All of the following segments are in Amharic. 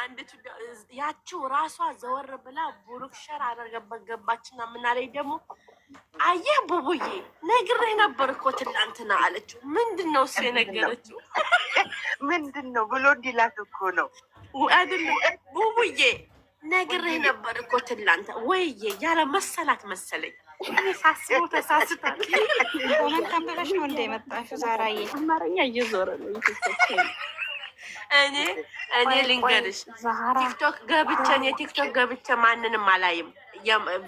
አንድ ያችው ራሷ ዘወር ብላ ቡሩክሸር አደረገበት ገባችና፣ ምናለኝ ደግሞ አየህ ቡቡዬ ነግሬህ ነበር እኮ ትላንትና አለችው። ምንድን ነው እሱ የነገረችው? ምንድን ነው ብሎ እንዲላት እኮ ነው ቡቡዬ ነግሬህ ነበር እኮ ትላንት። ወይዬ ያለ መሰላት መሰለኝ ሳስቦ ተሳስታል። ሆነን ታበላሽ ነው እንደመጣሽ ዛራዬ አማርኛ እየዞረ ነው እኔ እኔ ልንገርሽ ቲክቶክ ገብቼ እኔ ቲክቶክ ገብቼ ማንንም አላይም።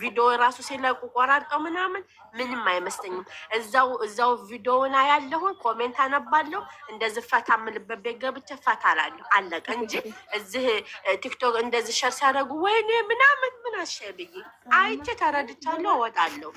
ቪዲዮ ራሱ ሲለቁ ቆራርጠው ምናምን ምንም አይመስለኝም። እዛው እዛው ቪዲዮውን አያለሁን ኮሜንት አነባለሁ። እንደዚህ ፈታ የምልበት ቤት ገብቼ ፈታ እላለሁ። አለቀ እንጂ እዚህ ቲክቶክ እንደዚህ ሸር ሲያደርጉ ወይኔ ምናምን ምን አሸብይ አይቼ ተረድቻለሁ፣ እወጣለሁ።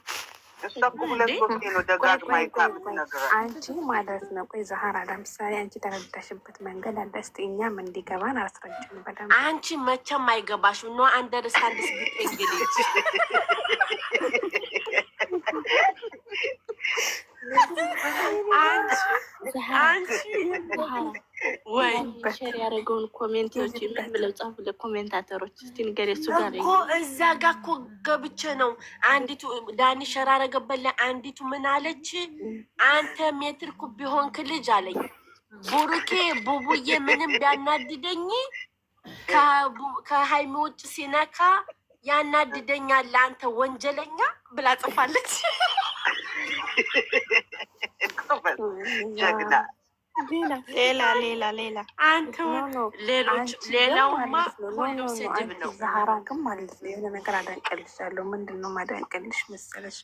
አንቺ ማለት ነው። ቆይ ዛህራ ለምሳሌ አንቺ ተረዳሽበት መንገድ አለ። እስኪ እኛም እንዲገባን አስረጅን በደምብ። አንቺ መቼም አይገባሽም። ኖ አንደርስታንድ አንቺ አንቺ ወይ ሸር ያደረገውን ኮሜንቶች ምን ብለው ጻፉ? ለኮሜንታተሮች እስቲ ንገር። እሱ ጋር እኮ እዛ ጋር እኮ ገብቼ ነው አንዲቱ ዳኒ ሸር አደረገበት አንዲቱ ምን አለች? አንተ ሜትር ኩብ ቢሆንክ ልጅ አለኝ ቡሩኬ ቡቡዬ ምንም ቢያናድደኝ ከሀይሚ ውጭ ሲነካ ያናድደኛል አንተ ወንጀለኛ ብላ ጽፋለች። ጀግና ሌላ ሌላ ሌላ አንተ ሌላውማ ሁሉም ስድብ ነው። ዛህራ ግን ማለት ነው የሆነ ነገር ምንድን ነው መሰለሽ?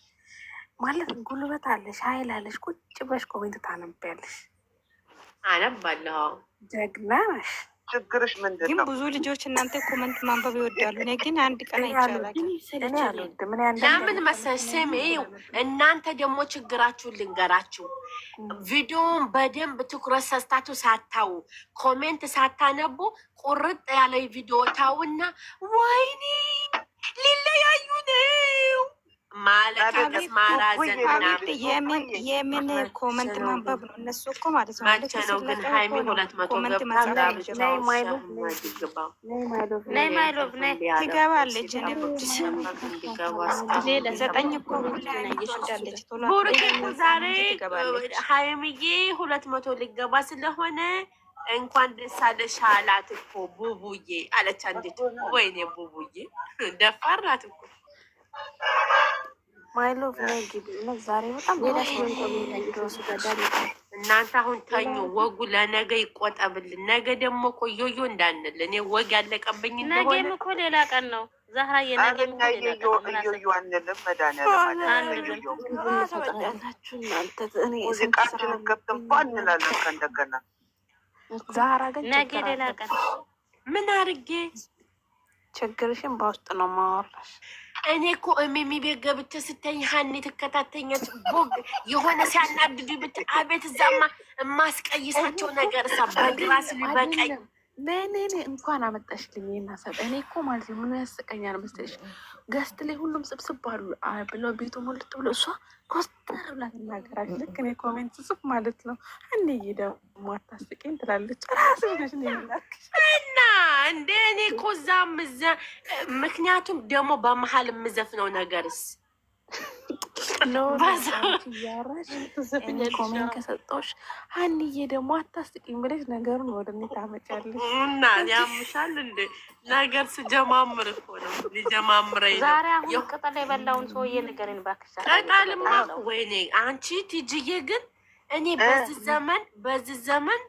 ማለት ጉልበት አለሽ፣ ኃይል አለሽ። ቁጭ ብለሽ ኮሜንት ታነቢያለሽ። አነባለሁ። ጀግና ነሽ። ችግርሽ ምንድን ነው? ግን ብዙ ልጆች እናንተ ኮመንት ማንበብ ይወዳሉ። እኔ ግን አንድ ቀን አይቻላልም። ለምን መሰለሽ? ስሚ፣ እናንተ ደግሞ ችግራችሁን ልንገራችሁ። ቪዲዮውን በደንብ ትኩረት ሰስታችሁ ሳታው ኮሜንት ሳታነቡ ቁርጥ ያለ ቪዲዮ ታውና ወይኔ ሊለያዩ ነው ማለቃቀስ የምን ኮመንት ማንበብ ነው? እነሱ እኮ ማለት ነው ነው ግን ሀይሚ ሁለት መቶ ትገባለች። ዘጠኝ እኮ ዛሬ ሀይሚዬ ሁለት መቶ ሊገባ ስለሆነ እንኳን ደስ አለሽ አላት እኮ ቡቡዬ አለች። ወይኔ ቡቡዬ እኮ ማይሎቭ እናንተ አሁን ተኙ። ወጉ ለነገ ይቆጠብልን። ነገ ደግሞ ቆዮዮ እንዳንል እኔ ወግ ያለቀብኝ ነገም እኮ ሌላ ቀን ነው። ዛህራ የነገም ሙዚቃችንን ገብተን እንላለን ከእንደገና ነገ ሌላ ቀን ምን አርጌ ችግርሽን በውስጥ ነው ማወራሽ እኔ እኮ እሜሚ ቤት ገብቼ ስተኝ ሀኒ ትከታተኛች ቦግ የሆነ ሲያናድዱ ብት አቤት እዛማ የማስቀይሳቸው ነገር ሳ በግራስ በቀኝ ለእኔ እንኳን አመጣሽልኝ ይናሳል። እኔ እኮ ማለት ምን ያስቀኛል መሰለሽ ገስት ላይ ሁሉም ስብስብ አሉ ብለው ቤቱ ሞልት ብሎ እሷ ኮስተር ብላ ትናገራለች። ልክ እኔ ኮሜንት ጽፍ ማለት ነው። እንይ ደግሞ አታስቂኝ ትላለች። ራስሽ እና እንደ እኔ ኮዛ ምዘ ምክንያቱም ደግሞ በመሀል የምዘፍነው ነገርስ ኮሜን ከሰጠሁሽ ሀኒዬ ደግሞ አታስቂኝ ብለሽ ነገሩን ወደ እኔ ታመጫለሽ እና ያምሻል እንደ ነገር ስጀማምር እኮ ነው ሊጀማምረኝ ነው። ዛሬ አሁን ቅጠል የበላውን ሰውዬ ንገረኝ እባክሽ። ቅጠልማ ወይኔ አንቺ ትጅዬ ግን እኔ በዚህ ዘመን በዚህ ዘመን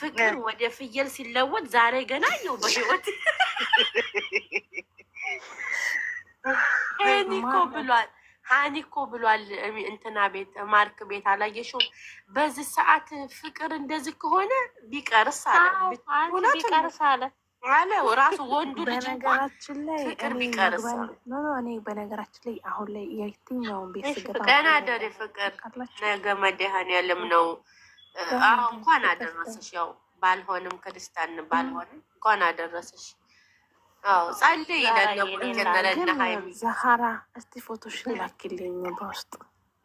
ፍቅር ወደ ፍየል ሲለወጥ ዛሬ ገና የው በህይወት እኔ ብሏል ሀኒ እኮ ብሏል እንትና ቤት ማርክ ቤት አላየሽውም? በዚህ ሰዓት ፍቅር እንደዚህ ከሆነ ቢቀርስ አለ ቢቀርስ አለ አለ ራሱ ወንዱ በነገራችን ላይ ፍቅር ቢቀርስ እኔ በነገራችን ላይ አሁን ላይ የትኛውን ቤት ስገባ አደር ደሬ ፍቅር ነገ መድኃኔዓለም ነው። አሁ እንኳን አደረሰሽ ያው ባልሆንም ክርስቲያን ባልሆንም እንኳን አደረሰሽ ዘሀራ እስቲ ፎቶሽን ላኪልኝ በውስጥ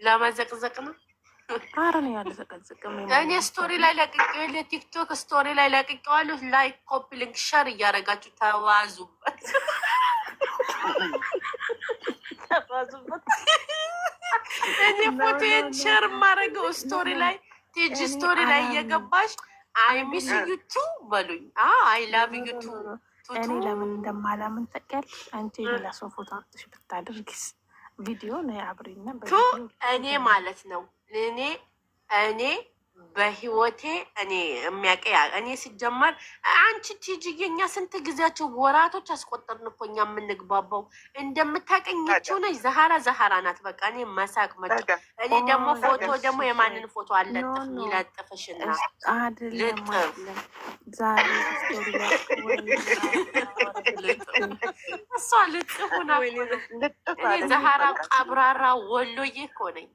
ለመዘቅዘቅ ነው። ኧረ እኔ አልዘቀዝቅም። እኔ ስቶሪ ላይ ለቅቄዋለሁ፣ ቲክቶክ ስቶሪ ላይ ለቅቄዋለሁ። ላይክ፣ ኮፒ ሊንክ፣ ሸር እያደረጋችሁ ተባዙበት፣ ተባዙበት። እኔ ፎቶዬን ሸር የማደርገው ስቶሪ ላይ ቲጂ ስቶሪ ላይ እየገባሽ አይ ሚስ ዩቱ በሉኝ፣ አይ ላቭ ዩቱ እኔ ለምን እንደማላምን ታውቂያለሽ? አንቺ የሌላ ሰው ፎቶ አውጥተሽ ብታደርጊስ ቪዲዮ ነው አብሬና እኔ ማለት ነው እኔ እኔ በህይወቴ እኔ የሚያቀያ እኔ ሲጀመር አንቺ ቲጂ የኛ ስንት ጊዜያቸው ወራቶች አስቆጠርን እኮ እኛ የምንግባባው እንደምታቀኛቸው ነች። ዘሀራ ዘሀራ ናት። በቃ እኔ መሳቅ መ እኔ ደግሞ ፎቶ ደግሞ የማንን ፎቶ አለጥፍ የሚለጥፍሽና እሷ ልጥፍ ሆና እኔ ዘሀራ ቀብራራ ወሎዬ እኮ ነኝ።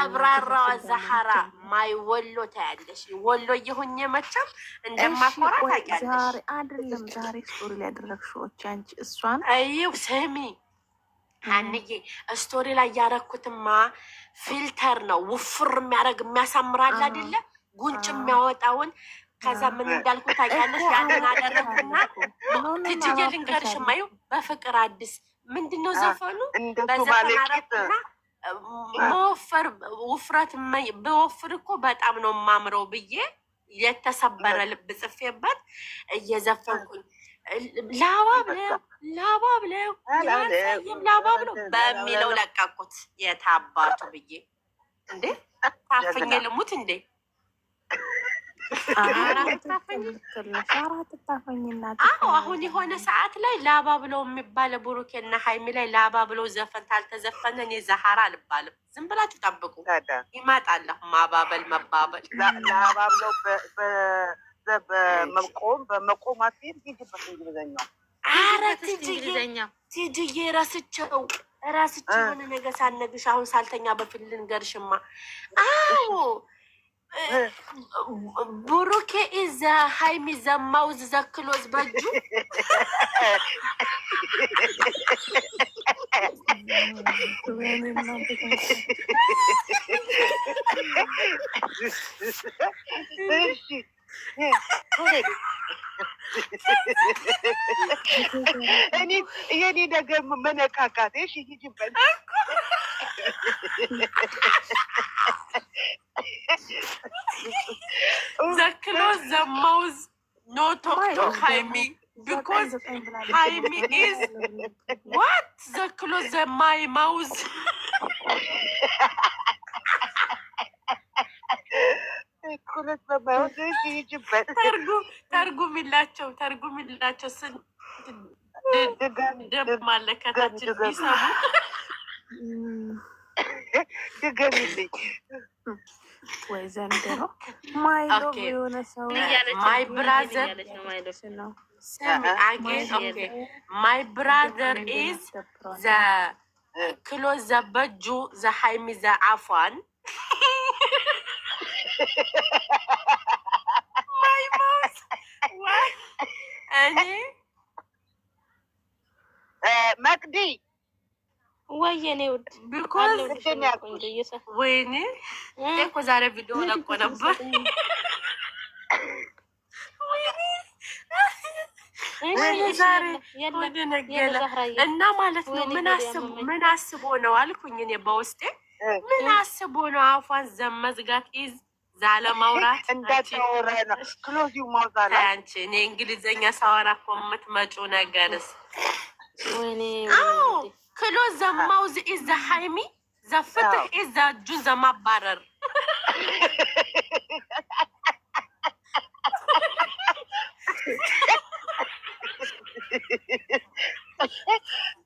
አብራራዋ ዛሐራ ማይ ወሎ ታያለሽ። ወሎ እየሆኝ መቼም እንደማኮራ ታውቂያለሽ። ዛሬ አይደለም ዛሬ ስቶሪ ላይ ያደረግሽዎች አንቺ እሷን አይው ስሚ አንዬ ስቶሪ ላይ ያረኩትማ ፊልተር ነው ውፍር የሚያደርግ የሚያሳምራል አይደለ? ጉንጭ የሚያወጣውን ከዛ ምን እንዳልኩ ታውቂያለሽ። ያንን አደረኩና ትጅዬ ልንገርሽማ፣ ይኸው በፍቅር አዲስ ምንድን ነው ዘፈኑ በዘፈን አረኩና መወፈር ውፍረት በወፍር እኮ በጣም ነው የማምረው ብዬ የተሰበረ ልብ ጽፌበት እየዘፈንኩኝ ላባ ብለው ላባ ብለው ያሳይም በሚለው ለቀቁት። የታባቱ ብዬ እንዴ ታፍኝ ልሙት እንዴ አዎ አሁን የሆነ ሰዓት ላይ ላባ ብለው የሚባለ ብሩኬና ሀይሚ ላይ ላባ ብለው ዘፈን ታልተዘፈነ እኔ ዛሀራ አልባልም። ዝም ብላችሁ ጠብቁ፣ ይመጣል። ማባበል መባበል ላባ ብለው በመቆም በመቆም አትሄድ ይጅበት እንግሊዘኛው አረ ትጅዬ ረስቸው ረስቸው የሆነ ነገር ሳነግሽ አሁን ሳልተኛ በፊት ልንገርሽማ። አዎ ብሩኬ እዛ ሀይሚ እዛ ዘክሎዝ በእጁ እኔ የኔ ነገር መነካካት ሽ ሂጅበት ዘክሎ ኖ ቶክቶክ ሃይሚ ቢኮዝ ሃይሚ ኢዝ ዋት ዘክሎ ዘማይ ማውዝ ተርጉሚላቸው ተርጉሚላቸው ስንት ደም ማለከታችን ቢሰሙ ድገሚልኝ ወይ ዘንድሮ ማይሎቭ የሆነ ሰው ማይ ብራዘር ማይ ብራዘር ኢዝ ዘ ክሎዝ ዘ በጁ ዘ ሃይሚ ዘ አፏን ማይ ማውስ እኔ መቅዲ ወይኔ እኮ ዛሬ ቪዲዮ ለቆ ነበር። እና ማለት ነው ምን አስቦ ነው አልኩኝ እኔ በውስጤ ምን አስቦ ነው አፏን ዘመዝጋት ኢዝ ዛለ ማውራት አንቺ እኔ እንግሊዝኛ ሳወራ እኮ የምትመጪው ነገርስ ክሎ ዘማውዝ ኢዘ ሃይሚ ዘፍትህ ኢዘ እጁ ዘማባረር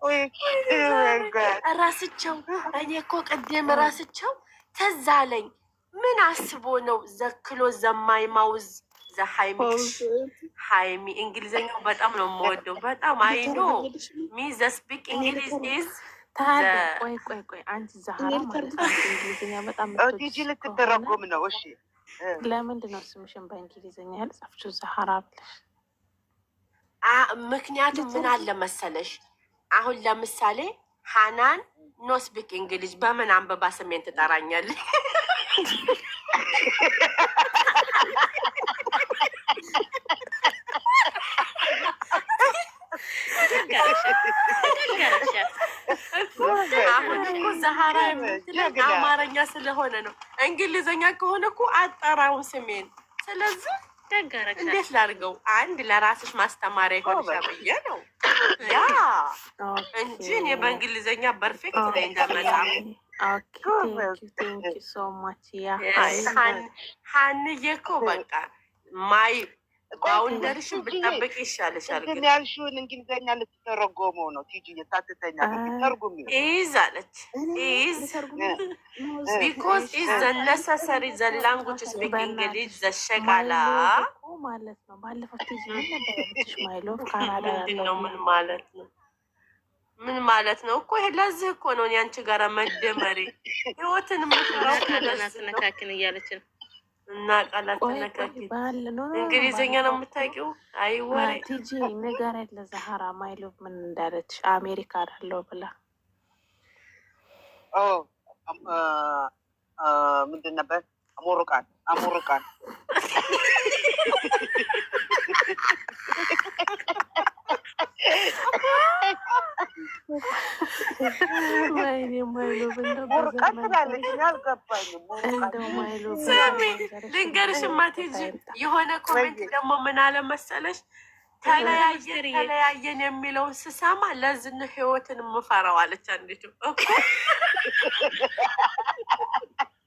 oh ራስቸው እኔ እኮ ቅድም ራስቸው ተዛለኝ ምን አስቦ ነው ዘክሎ ዘማይ ማውዝ ዘሃይሚክስ ሃይሚ እንግሊዝኛ በጣም ነው የምወደው። በጣም አይዶ ሚ ዘስፒክ እንግሊዝ ኢዝ ቆይ ቆይ ቆይ አንቺ ዛህራ ማለት ነው እንግሊዝኛ በጣም ነው። እሺ ለምንድን ነው ስምሽን በእንግሊዝኛ ያልጻፍሽው ዛህራ ብለሽ? ምክንያቱም ምን አለ መሰለሽ አሁን ለምሳሌ ሃናን ኖ ስፒክ እንግሊዝ በምን አንበባ ስሜን ትጠራኛለሽ? አሁን እኮ ዛሃራ የምትለኝ አማርኛ ስለሆነ ነው። እንግሊዘኛ ከሆነ እኮ አጠራውን ስሜን። ስለዚህ እንዴት ላድርገው? አንድ ለራስሽ ማስተማሪያ ብዬ ነው ያ እንጂ እኔ በእንግሊዘኛ ፐርፌክት ሀንዬ እኮ በቃ ማይ ባውንደርሽን ብጠብቅ ይሻልሻል። ግን ያልሽውን እንግሊዝኛ ልትተረጎመው ነው ቲጂ የታትተኛ ተርጉም ኢዝ አለች ኢዝ ቢኮዝ ኢዝ ዘ ነሰሰሪ ዘ ላንጉጅ ማለት ነው። ባለፈው ቲጂ ምን ማለት ነው? ምን ማለት ነው እኮ ይሄ ለዚህ እኮ ነው አንቺ ጋራ መደመሪ ህይወትን ምትራስ ነካክን እያለችን እና ቃላት ተነካኪ እንግሊዝኛ ነው የምታውቂው? አይ ወሬ ቲጂ ንገሪያት ለዛሀራ ማይሎ ምን እንዳለች አሜሪካ አለው ብላ ምንድን ነበር? አሞርቃን አሞርቃን ልንገርሽ ማቴጅ የሆነ ኮሜንት ደግሞ ምን አለ መሰለሽ፣ ተለያየን ተለያየን የሚለውን ስሰማ ለዝን ህይወትን ምፈራዋለች አንዴ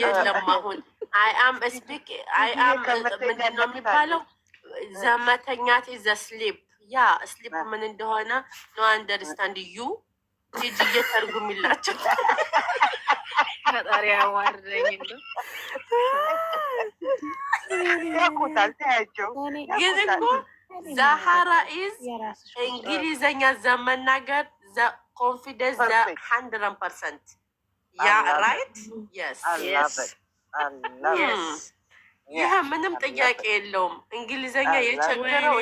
የለም uh, አሁን አይአም ስፒክ አይአም ምንድን ነው የሚባለው? Uh, ዘመተኛት ኢዘ ስሊፕ ያ ስሊፕ ምን እንደሆነ ኖ አንደርስታንድ ዩ ጅ እየተርጉሚላቸው ፈጣሪ አዋርደኝ ግን እኮ ዛሃራ ኢዝ እንግሊዘኛ ዘመናገር ኮንፊደንስ ሀንድረድ ፐርሰንት ይህ ምንም ጥያቄ የለውም። እንግሊዘኛ የቸገረው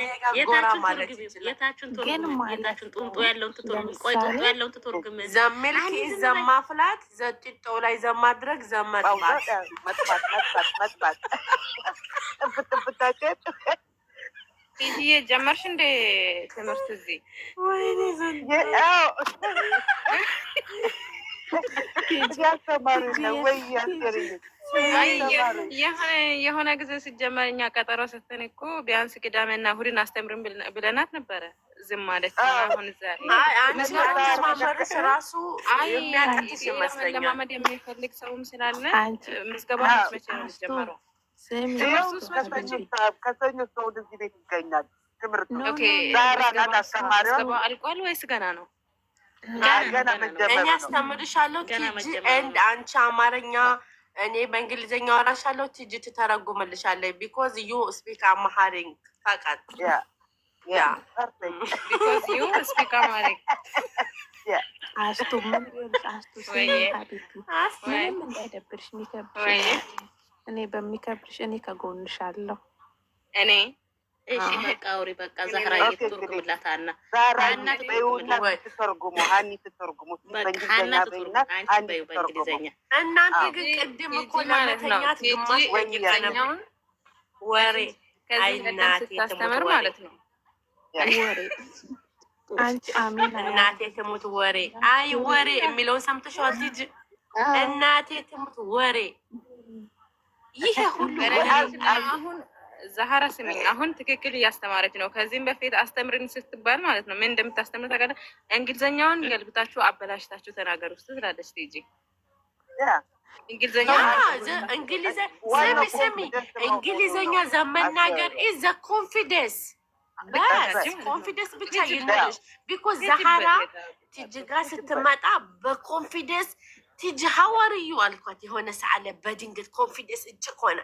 ዘሚልክ ዘማፍላት ዘጭጠው ላይ ዘማድረግ ዘመጥፋት ይሄ ጀመርሽ እንደ ትምህርት እዚህ የሆነ ጊዜ ሲጀመር እኛ ቀጠሮ ስትን እኮ ቢያንስ ቅዳሜና እሑድን አስተምርን ብለናት ነበረ። ዝም ማለት አሁን ዛሬራሱ ለማመድ የሚፈልግ ሰውም ስላለ ምዝገባ መቼ ነው የሚጀመረው? ከሰኞ እስከ እሑድ እዚህ ቤት ይገኛል ትምህርት። አልቋል ወይስ ገና ነው? እኔ አስተምርሻለሁ ቲጂ ኤንድ አንቺ አማርኛ እኔ በእንግሊዝኛ ወራሻለሁ። ቲጂ ትተረጉምልሻለች ቢኮዝ ዩ ስፒክ አማሃሪንግ ፈቃድ እኔ በሚከብድሽ እኔ ከጎንሻለሁ እኔ እሺ በቃ አውሪ በቃ ዛህራ እየተርጉምላታና ዛራና ትበዩና ሀኒ ትተርጉሙ በእንግሊዝኛ በይና ሀኒ በእንግሊዝኛ። እናንተ ግን ቅድም እኮ ለመተኛት ግማሽ ወኛውን ወሬ አይናቴ ትሙት ማለት ነው። እናቴ ትሙት ወሬ አይ ወሬ የሚለውን ሰምተሽዋል? ልጅ እናቴ ትሙት ወሬ ይሄ ሁሉ አሁን ዛሃራ ስሚኝ፣ አሁን ትክክል እያስተማረች ነው። ከዚህም በፊት አስተምርን ስትባል ማለት ነው ምን እንደምታስተምር ታውቃለህ? እንግሊዘኛውን ገልብታችሁ አበላሽታችሁ ተናገሩ ውስጥ ትላለች። ቲጂ እንግሊዝኛ ዘመናገር ኢዝ ኮንፊደንስ ኮንፊደንስ ብቻ ይኖርሽ ቢኮዝ ዛሃራ ቲጂ ጋር ስትመጣ በኮንፊደንስ ቲጂ ሀዋርዩ አልኳት። የሆነ ሰዓለ በድንገት ኮንፊደንስ እጅግ ሆነ።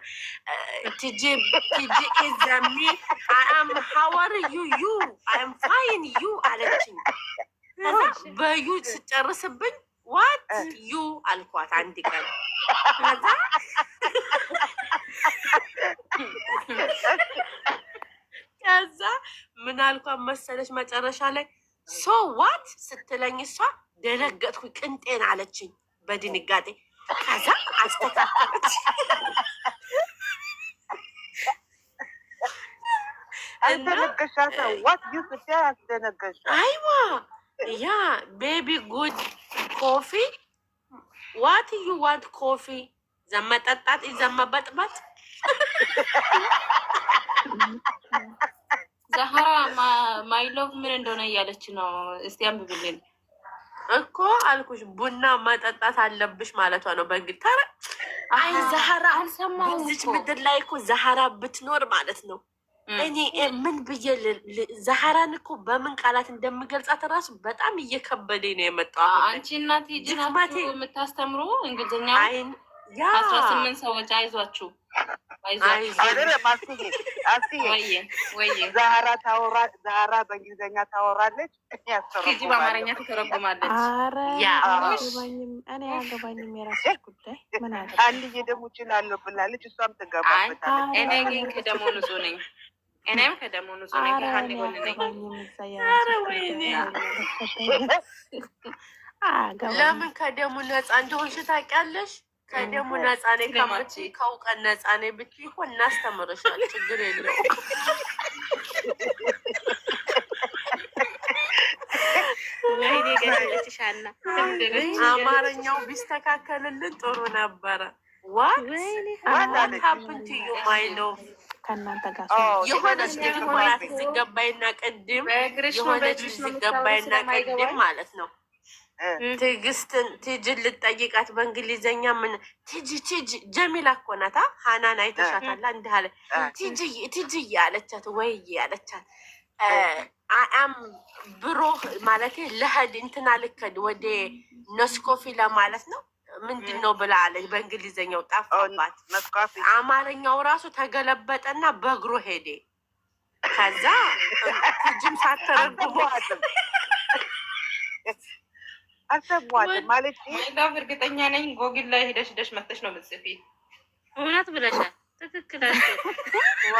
ቲጂ ኢዘሚ አም ሀዋርዩ ዩ አም ፋይን ዩ አለችኝ። በዩ ስጨርስብኝ ዋት ዩ አልኳት። አንድ ቀን ከዛ ምን አልኳት መሰለች መጨረሻ ላይ ሶ ዋት ስትለኝ እሷ ደነገጥኩኝ። ቅንጤን አለችኝ። በድንጋጤ ከዛ አስተካከለች። ያ ቤቢ ጉድ ኮፊ ዋት ዩ ዋት ኮፊ ዘመጠጣት ዘመበጥበጥ ዛሀራ ማይሎቭ ምን እንደሆነ እያለች ነው። እስቲ አንብብልን እኮ አልኩሽ ቡና መጠጣት አለብሽ ማለቷ ነው። በእንግዲህ ተረ አይ ዛህራ በዚች ምድር ላይ እኮ ዛህራ ብትኖር ማለት ነው። እኔ ምን ብዬ ዛህራን እኮ በምን ቃላት እንደምገልጻት ራሱ በጣም እየከበደኝ ነው የመጣው። አንቺ እናት ጅማቴ የምታስተምሩ እንግሊዝኛ አስራ ስምንት ሰዎች አይዟችሁ አይደለም በእንግሊዝኛ ታወራለች በአማርኛ ትተረጉማለች። አንድዬ ደግሞ ብላለች። እሷም ትገባበታለች። እኔ ግን ከደሞ ነኝ። እኔም ከደሞ ነኝ። ለምን ከደሙ ነፃ እንደሆንሽ ታውቂያለሽ? ከደሙ ነፃ ነኝ ከምትይ ከእውቀት ነፃ ነኝ እናስተምርሻል። ችግር የለውም። አማርኛው ቢስተካከልልን ጥሩ ነበረ። ከእናንተ ጋር የሆነች ቅድም የሆነች ቅድም ማለት ነው ትዕግስትን ትጅን ልጠይቃት በእንግሊዘኛ ምን ትጅ ትጅ ጀሚላ እኮ ናታ። ሀናን አይተሻታላ እንዲህ አለ ትጅዬ ያለቻት ወይ ያለቻት አም ብሮ ማለት ለህድ እንትና ልከድ ወደ ነስኮፊ ለማለት ነው ምንድን ነው ብላ አለች። በእንግሊዘኛው ጠፋባት። አማርኛው ራሱ ተገለበጠና በእግሩ ሄዴ ከዛ ትጅም ሳትተረጉመዋትም አሰብኋትም ማለት ላፍ እርግጠኛ ነኝ። ጎግል ላይ ሄደሽ ሄደሽ መተሽ ነው ምጽፊ። እውነት ብለሻል። ትክክል ነው።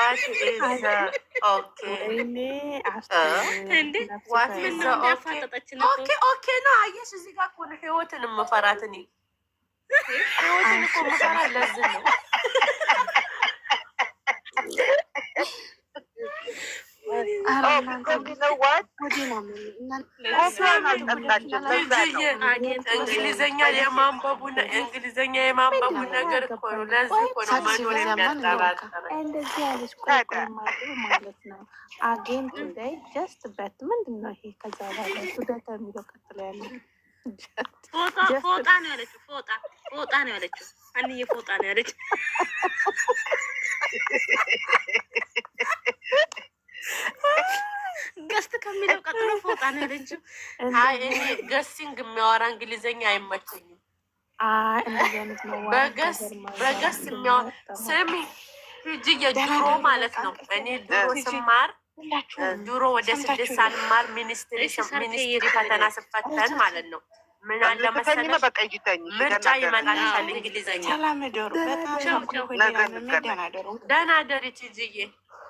አየሽ እዚህ ጋር እኮ ነው ህይወትን የምፈራት እኔ። ህይወትን እኮ የምፈራት ለዚህ ነው እንግሊዘኛ የማንበቡን እንግሊዘኛ የማንበቡን ነገር እኮ ነው። ለዚህ እኮ ነው መኖር የሚያጠራጥረን። አጌን ቱዴይ ፎጣ ነው ያለችው። ፎጣ ፎጣ ነው ያለችው። አንዬ ፎጣ ነው ያለችው። ልትመጣ ነው እኔ ገሲንግ የሚያወራ እንግሊዘኛ አይመቸኝም። በገስ ስሚ ድሮ ማለት ነው እኔ ድሮ ስማር ድሮ ወደ ስድስት ሳልማር ሚኒስትሪ ሚኒስትሪ ፈተና ስፈተን ማለት ነው ምን አለ መሰለሽ ምርጫ ይመጣልሻል እንግሊዘኛ። ደህና ደሪ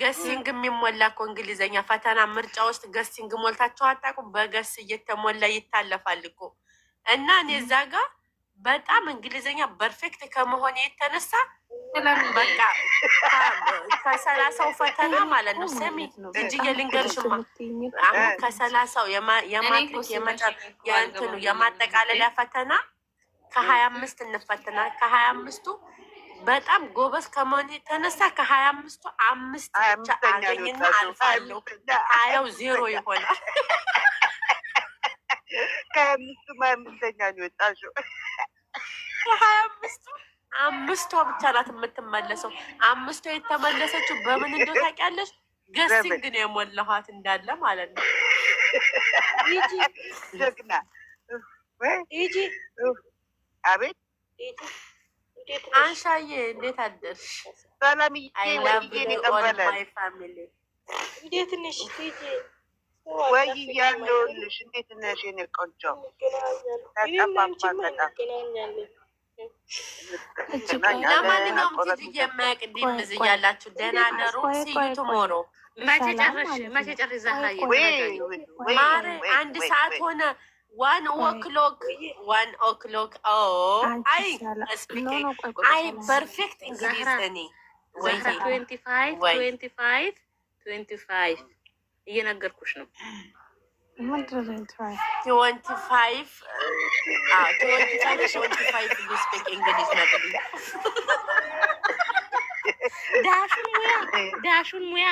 ገሲንግ የሚሞላ እኮ እንግሊዘኛ ፈተና ምርጫ ውስጥ ገሲንግ ሞልታቸው አታውቁም? በገስ እየተሞላ ይታለፋል እኮ እና እኔ እዛ ጋ በጣም እንግሊዘኛ ፐርፌክት ከመሆን የተነሳ በቃ ከሰላሳው ፈተና ማለት ነው። ስሚ እጅዬ ልንገርሽማ፣ አሁን ከሰላሳው የማትሪክ የእንትኑ የማጠቃለያ ፈተና ከሀያ አምስት እንፈተና ከሀያ አምስቱ በጣም ጎበዝ ከመሆን የተነሳ ከሀያ አምስቱ አምስት ብቻ አገኝና አልፋለሁ። ሀያው ዜሮ ይሆናል። ከሀያ አምስቱ ሀያ አምስተኛ ነው የወጣሽው። ከሀያ አምስቱ አምስቷ ብቻ ናት የምትመለሰው። አምስቷ የተመለሰችው በምን እንደ ታውቂያለሽ? ገሲንግ ነው የሞላኋት እንዳለ ማለት ነው። ይጂ ጀግና ይጂ አቤት አንሻዬ እንዴት አደርሽ? ሰላምዬ ወይዬን የቀበለ እንዴት ነሽ? ወይዬ ያለሁልሽ እንዴት ነሽ? የኔ ቆንጆ ለማንኛውም ትትዬ የማያውቅ ዲምዝ እያላችሁ ደህና ደሩ። ሲዩቱ ሞሮ መቼ ጨርሽ? መቼ ጨርሽ? ዘሀዬ ማር አንድ ሰዓት ሆነ። ዋን ኦክሎክ ዋን ኦክሎክ አይ አይ ፐርፌክት እንግሊዝ እኔ እየነገርኩሽ ነው። ዳሹን ሙያ ዳሹን ሙያ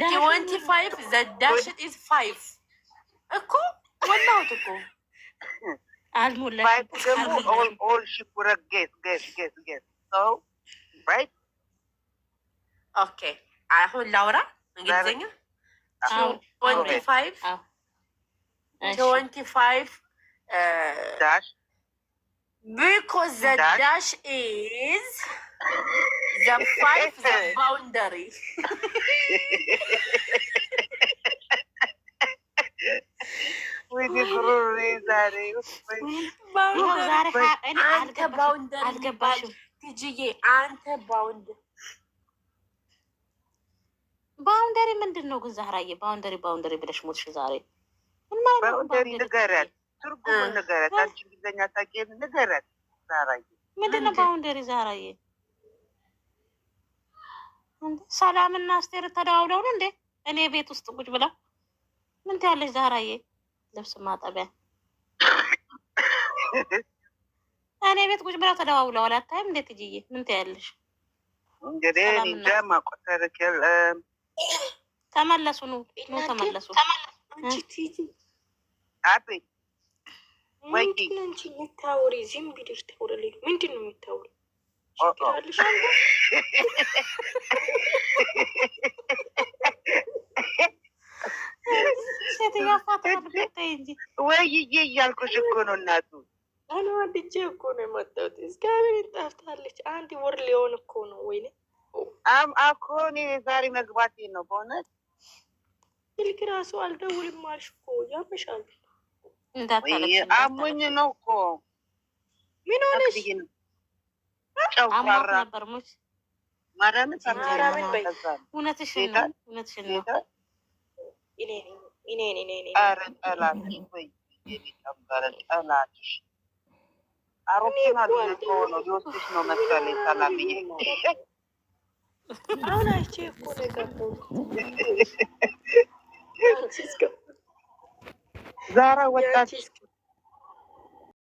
ትወንቲ ፋይቭ ዘዳሽት ኢዝ ፋይቭ እኮ ወላሁት እኮ ኦኬ አሁን ላውራ እንግሊዝኛ ትወንቲ ፋይቭ ቢኮዝ ዘዳሽ ኢዝ ባውንደሪ አልገባሽም ባውንደሪ ምንድን ነው ግን ዛህራዬ? ባውንደሪ ባውንደሪ ብለሽ ሞትሽ ዛሬ። ባውንደሪ ንገሪያት፣ ትርጉሙን ንገሪያት። አንቺ እንግሊዝኛ ታውቂ፣ ንገሪያት ዛህራዬ። ምንድን ነው ባውንደሪ ዛህራዬ? ሰላም እና አስቴር ተደዋውለው ነው እንዴ? እኔ ቤት ውስጥ ቁጭ ብላ ምን ትያለሽ? ዛራዬ ልብስ ማጠቢያ እኔ ቤት ቁጭ ብላ ተደዋውለዋል። አታይም እንዴት? እጅዬ ምን ትያለሽ? እንግዲህ ተመለሱ፣ ኑ ኑ፣ ተመለሱ። አቤት ወይ ምንድን ነው የምታወሪ? እዚህ እንግዲህ ምንድን ነው የምታወሪ? ወይዬ እያልኩሽ እኮ ነው እናቱ። እኔ ወድጄ እኮ ነው የመጣሁት። እግዚአብሔር ጠፍታለች። አንድ ወር ሊሆን እኮ ነው። ወይኔ አም እኮ እኔ ዛሬ መግባቴ ነው በእውነት። ስልክ ራሱ አልደውልም አልሽ እኮ ያመሻል። አሞኝ ነው እኮ ምን ሆነሽ አሟት ነበር ሙች ማርያምን እውነትሽን ነው እውነትሽን ነው። ዛራ ወጣች